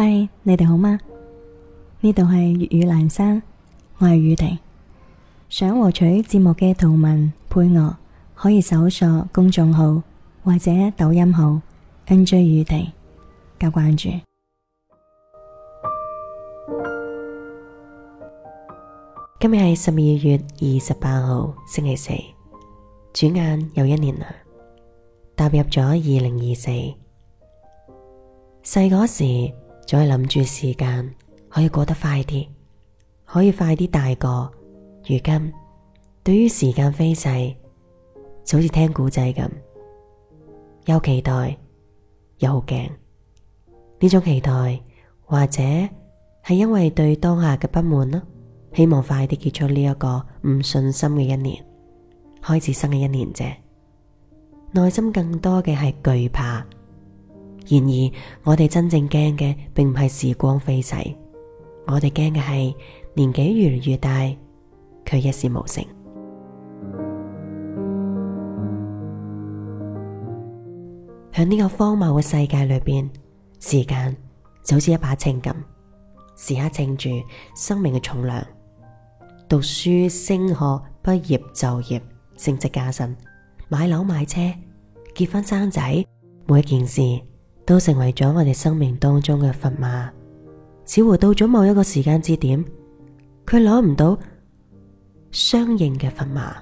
嗨，Hi，你哋好嗎？呢度係粵語蘭生，我係宇婷。想獲取節目嘅圖文配樂，可以搜索公眾號或者抖音號 NJ 宇婷加關注。今日係十二月二十八號，星期四。轉眼又一年啦，踏入咗二零二四。細嗰時，仲係諗住時間可以過得快啲，可以快啲大個。如今對於時間飛逝，就好似聽古仔咁，有期待，有好驚。呢種期待或者係因為對當下嘅不滿啦，希望快啲結束呢一個唔順心嘅一年，開始新嘅一年啫。內心更多嘅係懼怕。然而，我哋真正驚嘅並唔係時光飛逝，我哋驚嘅係年紀越嚟越大，卻一事無成。喺呢個荒謬嘅世界裏邊，時間就好似一把秤咁，時刻稱住生命嘅重量。讀書升學畢業、就業，升職加薪，買樓買車，結婚生仔，每一件事。都成為咗我哋生命當中嘅砝碼，似乎到咗某一個時間節點，佢攞唔到相應嘅砝碼，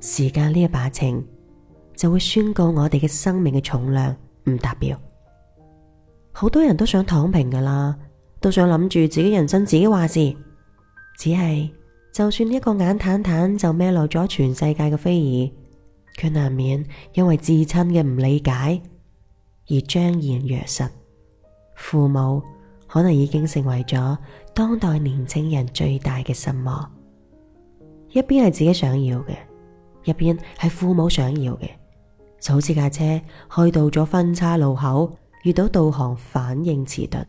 時間呢一把秤就會宣告我哋嘅生命嘅重量唔達標。好多人都想躺平噶啦，都想諗住自己人生自己話事，只係就算一個眼淡淡就孭落咗全世界嘅非議，卻難免因為至親嘅唔理解而悵然若失，父母可能已經成為咗當代年輕人最大嘅心魔。一邊係自己想要嘅，一邊係父母想要嘅，就好似架車開到咗分岔路口，遇到導航反應遲鈍，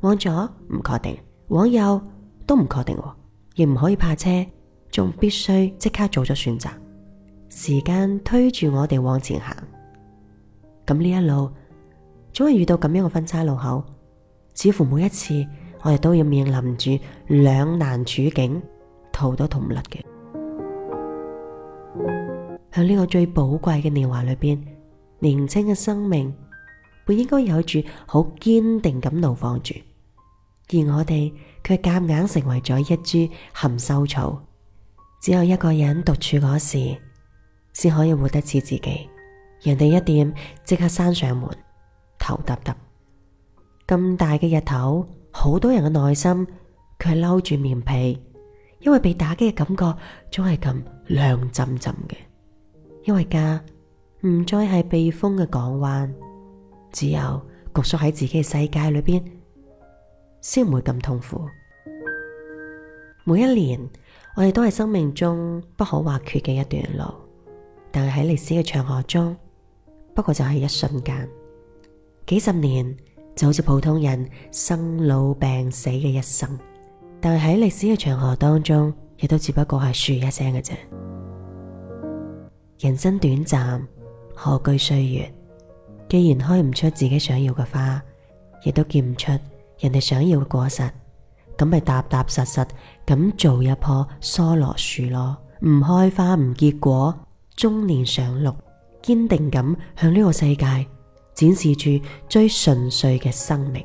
往左唔確定，往右都唔確定，亦唔可以泊車，仲必須即刻做咗選擇。時間推住我哋往前行，咁呢一路。總係遇到咁樣嘅分岔路口，似乎每一次我哋都要面臨住兩難處境，逃都逃唔甩嘅。喺呢個最寶貴嘅年華裏邊，年輕嘅生命本應該有住好堅定咁怒放住，而我哋卻夾硬成為咗一株含羞草。只有一個人獨處嗰時，先可以活得似自己，人哋一點即刻閂上門。頭耷耷，咁大嘅日頭，好多人嘅內心卻係嬲住棉被，因為被打擊嘅感覺總係咁涼浸浸嘅。因為家唔再係避風嘅港灣，只有焗縮喺自己嘅世界裏邊，先唔會咁痛苦。每一年，我哋都係生命中不可或缺嘅一段路，但係喺歷史嘅長河中，不過就係一瞬間。幾十年就好似普通人生老病死嘅一生，但係喺歷史嘅長河當中，亦都只不過係樹一聲嘅啫。人生短暫，何懼歲月？既然開唔出自己想要嘅花，亦都結唔出人哋想要嘅果實，咁咪踏踏實實咁做一棵桫欏樹咯，唔開花，唔結果，終年常綠，堅定咁向呢個世界展示住最純粹嘅生命。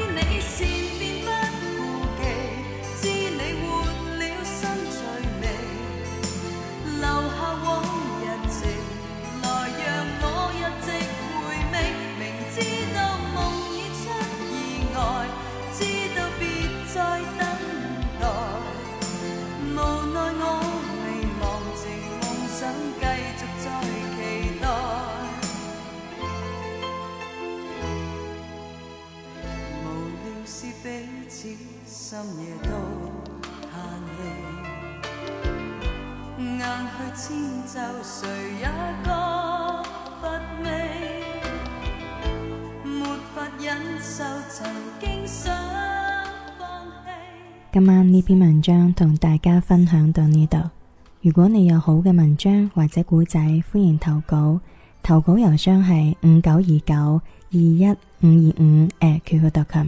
彼此深夜都去誰沒法忍受。曾經想放棄，今晚呢篇文章同大家分享到呢度。如果你有好嘅文章或者古仔，歡迎投稿。投稿郵箱係五九二九二一五二五 @qq.com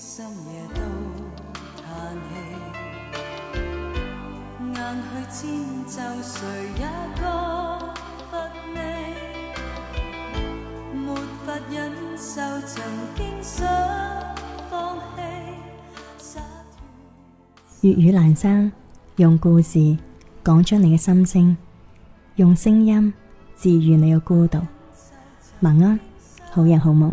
深夜都嘆氣眼去沒法忍受曾經想放棄。粵語闌珊，用故事講出你嘅心聲，用聲音治愈你嘅孤獨。晚安，好人好夢。